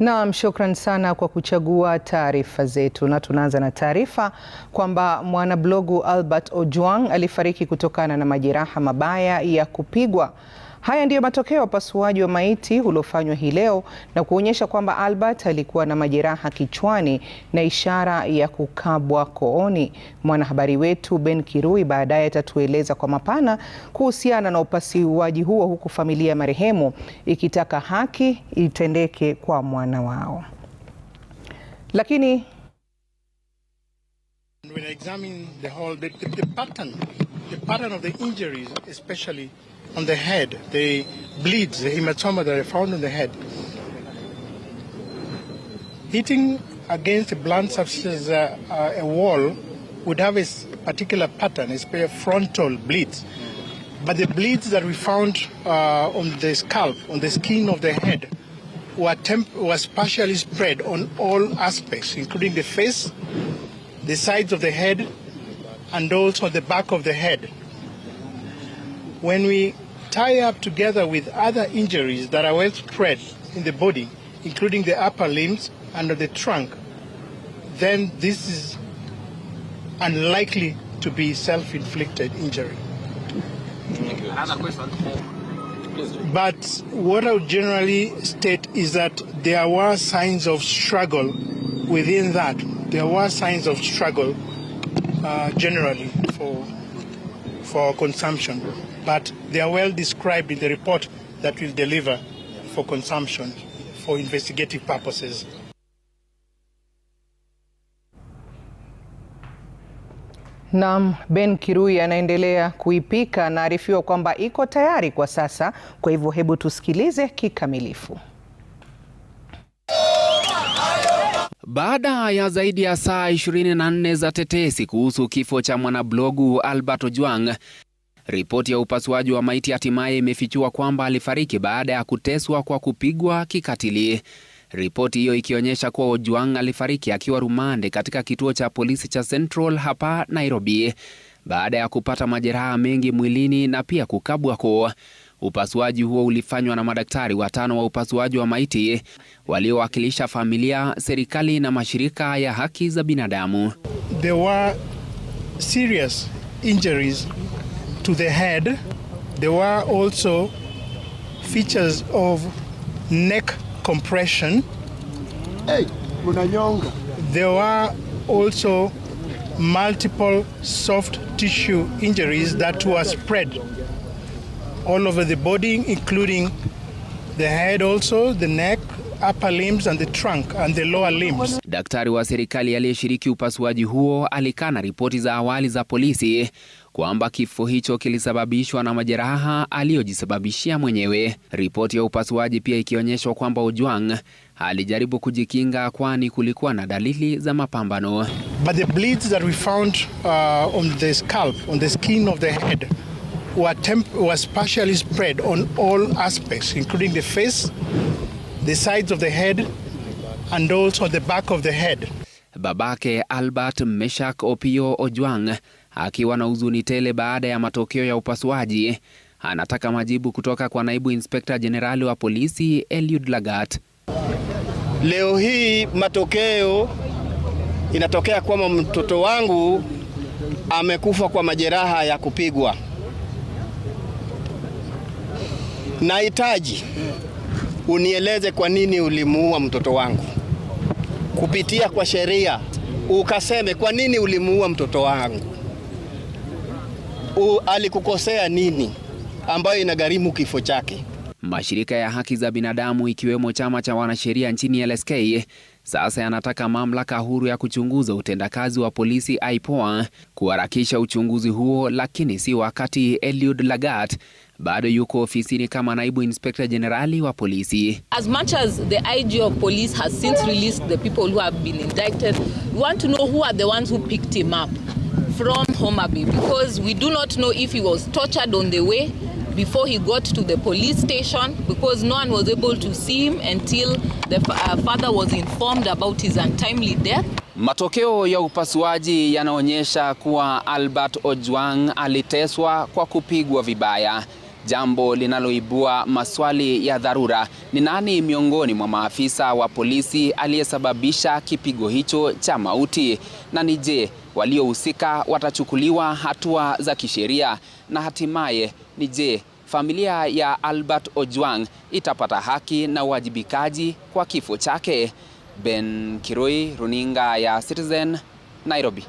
Naam, shukran sana kwa kuchagua taarifa zetu, na tunaanza na taarifa kwamba mwanablogu Albert Ojwang alifariki kutokana na majeraha mabaya ya kupigwa. Haya ndiyo matokeo ya upasuaji wa maiti uliofanywa hii leo na kuonyesha kwamba Albert alikuwa na majeraha kichwani na ishara ya kukabwa kooni. Mwanahabari wetu Ben Kirui baadaye atatueleza kwa mapana kuhusiana na upasuaji huo, huku familia ya marehemu ikitaka haki itendeke kwa mwana wao. Lakini I examine the whole, the, the, the pattern, the pattern of the injuries especially on the head, the bleeds, the hematoma that I found on the head. Hitting against a blunt substance, uh, uh, a wall, would have a particular pattern, it's a frontal bleed. But the bleeds that we found uh, on the scalp, on the skin of the head, were were partially spread on all aspects, including the face, the sides of the head, and also the back of the head. When we tie up together with other injuries that are well spread in the body, including the upper limbs and the trunk, then this is unlikely to be self-inflicted injury. Another question. But what I would generally state is that there were signs of struggle within that. There were signs of struggle uh, generally for for consumption. but they are well described in the report that will deliver for consumption for investigative purposes. Nam Ben Kirui anaendelea kuipika na arifiwa kwamba iko tayari kwa sasa. Kwa hivyo hebu tusikilize kikamilifu. Baada ya zaidi ya saa 24 za tetesi kuhusu kifo cha mwanablogu Albert Ojwang, Ripoti ya upasuaji wa maiti hatimaye imefichua kwamba alifariki baada ya kuteswa kwa kupigwa kikatili. Ripoti hiyo ikionyesha kuwa Ojwang alifariki akiwa rumande katika kituo cha polisi cha Central hapa Nairobi baada ya kupata majeraha mengi mwilini na pia kukabwa koo. Upasuaji huo ulifanywa na madaktari watano wa upasuaji wa maiti waliowakilisha familia, serikali na mashirika ya haki za binadamu. There were serious injuries to the head, there were also features of neck compression. Hey, there were also multiple soft tissue injuries that were spread all over the body, including the head, also the neck, upper limbs and the trunk and the lower limbs. Daktari wa serikali aliyeshiriki upasuaji huo alikana ripoti za awali za polisi kwamba kifo hicho kilisababishwa na majeraha aliyojisababishia mwenyewe. Ripoti ya upasuaji pia ikionyeshwa kwamba Ojwang alijaribu kujikinga, kwani kulikuwa na dalili za mapambano. But the bleeds that we found uh, on the scalp, on the skin of the head were, was partially spread on all aspects, including the face the sides of the head and also the back of the head. Babake Albert Meshak Opio Ojwang akiwa na huzuni tele baada ya matokeo ya upasuaji anataka majibu kutoka kwa naibu inspekta jenerali wa polisi Eliud Lagat. Leo hii matokeo inatokea kwamba mtoto wangu amekufa kwa majeraha ya kupigwa. Nahitaji unieleze kwa nini ulimuua mtoto wangu, kupitia kwa sheria ukaseme kwa nini ulimuua mtoto wangu, U, alikukosea nini ambayo inagharimu kifo chake. Mashirika ya haki za binadamu ikiwemo chama cha wanasheria nchini LSK sasa yanataka mamlaka huru ya kuchunguza utendakazi wa polisi IPOA kuharakisha uchunguzi huo, lakini si wakati Eliud Lagat bado yuko ofisini kama naibu inspekta jenerali wa polisi. As much as the IG of police has since released the people who have been indicted, we want to know who are the ones who picked him up from Homa Bay because we do not know if he was tortured on the way before he got to the police station because no one was able to see him until the uh, father was informed about his untimely death. Matokeo ya upasuaji yanaonyesha kuwa Albert Ojwang aliteswa kwa kupigwa vibaya jambo linaloibua maswali ya dharura. Ni nani miongoni mwa maafisa wa polisi aliyesababisha kipigo hicho cha mauti? Na ni je, waliohusika watachukuliwa hatua za kisheria? Na hatimaye ni je, familia ya Albert Ojwang itapata haki na uwajibikaji kwa kifo chake? Ben Kiroi, Runinga ya Citizen, Nairobi.